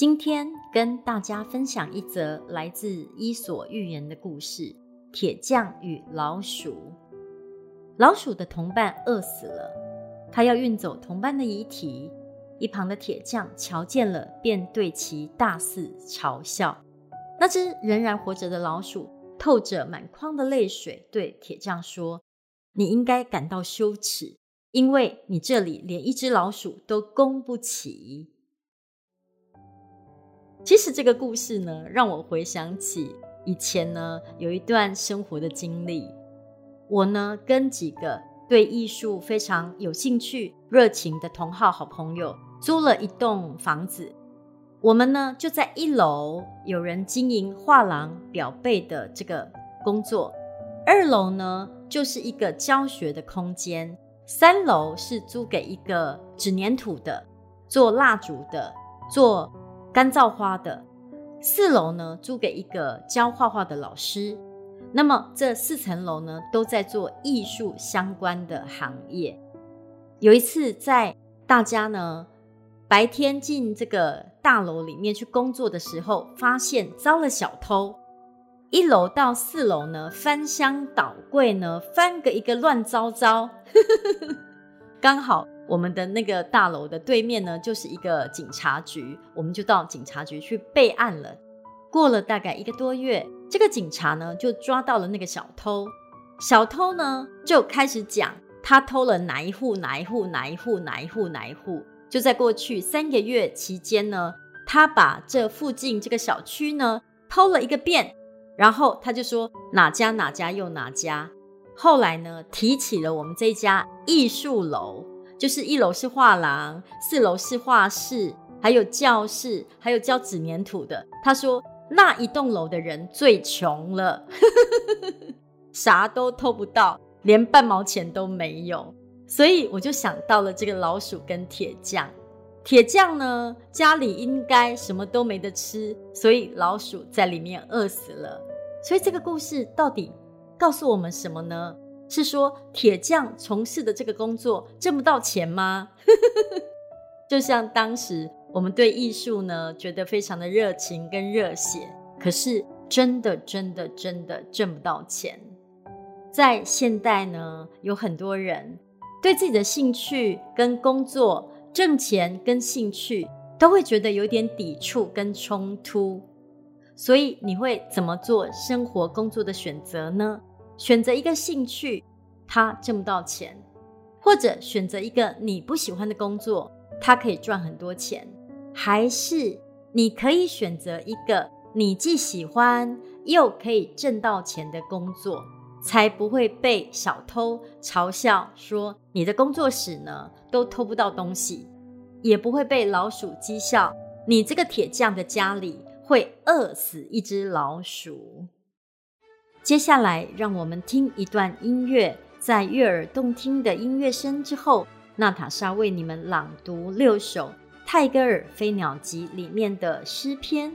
今天跟大家分享一則來自《伊索寓言》的故事：鐵匠與老鼠。老鼠的同伴餓死了，他要運走同伴的遺體。一旁的鐵匠瞧見了，便對其大肆嘲笑。那只仍然活着的老鼠，透着滿眶的淚水，對鐵匠說：“你應該感到羞恥，因為你這裡連一只老鼠都供不起。”其實這個故事呢，讓我回想起以前呢，有一段生活的經歷。我呢，跟幾個對藝術非常有興趣、熱情的同好好朋友，租了一棟房子。我們呢，就在一樓有人經營畫廊裱褙的這個工作，二樓呢，就是一個教學的空間，三樓是租給一個紙粘土的、做蠟燭的、做。乾燥花的四樓呢，租給一個教畫畫的老師。那麼這四層樓呢，都在做藝術相關的行業。有一次，在大家呢白天進這個大樓裡面去工作的時候，發現遭了小偷，一樓到四樓呢，翻箱倒櫃呢，翻個一個亂糟糟， 剛好。我們的那個大樓的對面呢，就是一個警察局，我們就到警察局去備案了。過了大概一個多月，這個警察呢就抓到了那個小偷，小偷呢就開始講他偷了哪一戶、哪一戶、哪一戶、哪一戶、哪一戶、哪一戶。就在過去三個月期間呢，他把這附近這個小區呢偷了一個遍，然後他就說哪家哪家又哪家。後來呢，提起了我們這家藝術樓。就是一樓是畫廊，四樓是畫室，還有教室，還有教紙粘土的。他說那一棟樓的人最窮了， 啥都偷不到，連半毛錢都沒有。所以我就想到了這個老鼠跟鐵匠。鐵匠呢，家裡應該什麼都沒得吃，所以老鼠在裡面餓死了。所以這個故事到底告訴我們什麼呢？是說鐵匠從事的這個工作掙不到錢嗎？ 就像當時我們對藝術呢，覺得非常的熱情跟熱血，可是真的真的真的掙不到錢。在現代呢，有很多人對自己的興趣跟工作、掙錢跟興趣，都會覺得有點抵觸跟衝突。所以你會怎麼做生活工作的選擇呢？選擇一個興趣，他掙不到錢，或者選擇一個你不喜歡的工作，他可以賺很多錢，還是你可以選擇一個你既喜歡又可以掙到錢的工作，才不會被小偷嘲笑說你的工作室呢都偷不到東西，也不會被老鼠譏笑你這個鐵匠的家裡會餓死一隻老鼠。接下來，讓我們聽一段音樂。在悅耳動聽的音樂聲之後，娜塔莎為你們朗讀六首泰戈爾《飛鳥集》裡面的詩篇。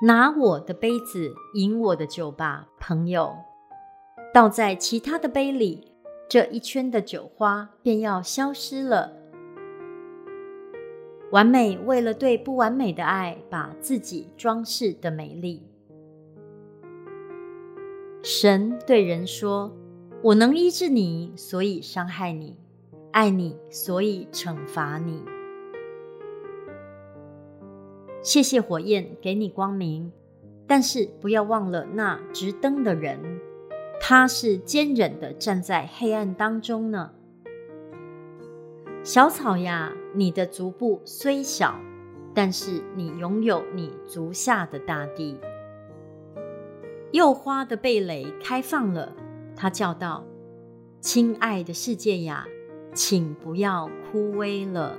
拿我的杯子，飲我的酒吧，朋友，倒在其他的杯裡，這一圈的酒花便要消失了。完美為了對不完美的愛，把自己裝飾得美麗。神對人說：“我能醫治你，所以傷害你；愛你，所以懲罰你。”謝謝火焰給你光明，但是不要忘了那執燈的人，他是堅忍的站在黑暗當中呢。小草呀，你的足部雖小，但是你擁有你足下的大地。幼花的蓓蕾開放了，它叫道：“親愛的世界呀，請不要枯萎了。”